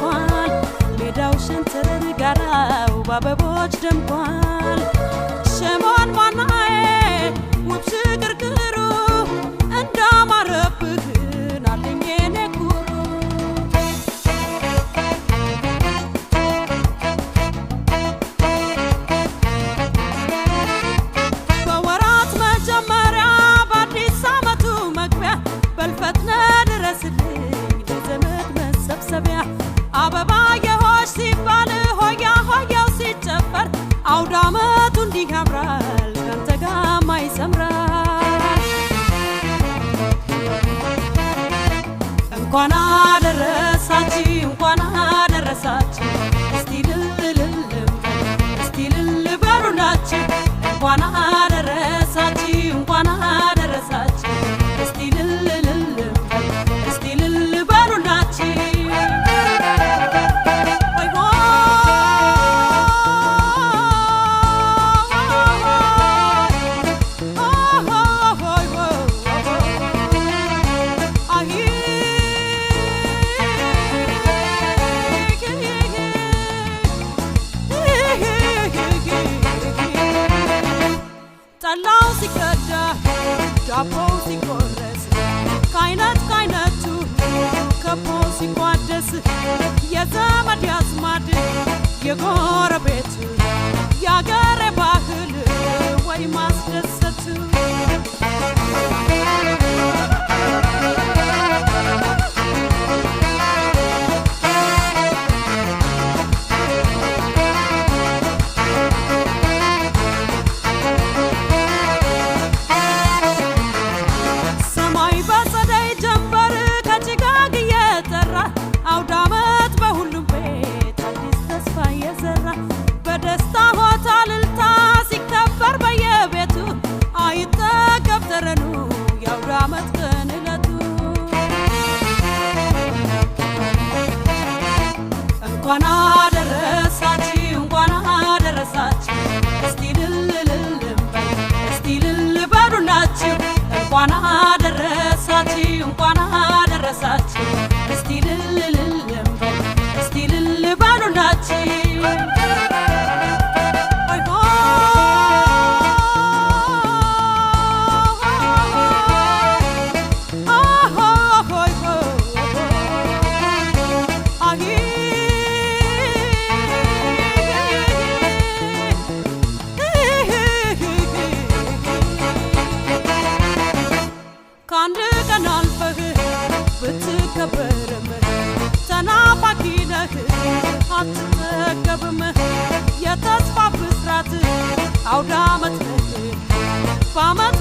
ደምቋል፣ ሜዳው ሸንተረር ጋራው በአበቦች ደምቋል ሸሞን ዋና እንኳን አደረሳችሁ እንኳን ሲቋደስ የዘመድ ያዝማድ የጎረቤት የአገሬ ባህል ወይ ማስደሰት ቀን አልፈህ ብትከበርም ተናፋቂ ነህ አትጠገብም። የተስፋ ብስራት አውዳመት ነህ በአመት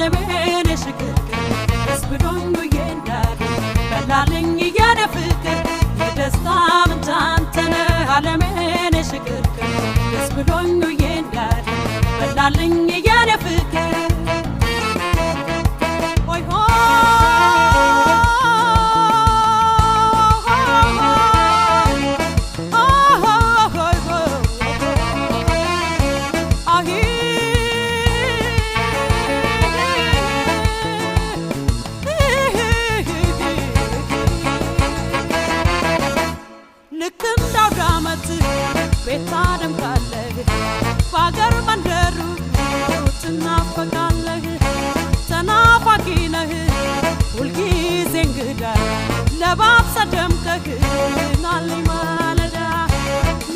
ደሜን የሽግር ደስ ፍቅር የደስታ ምንጭ አለሜን ተባብሰ ደምቀህ ግን ማለዳ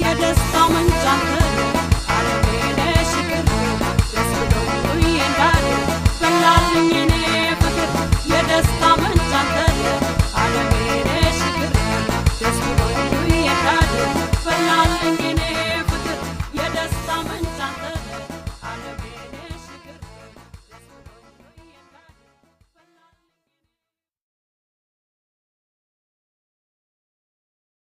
የደስታው መንጫ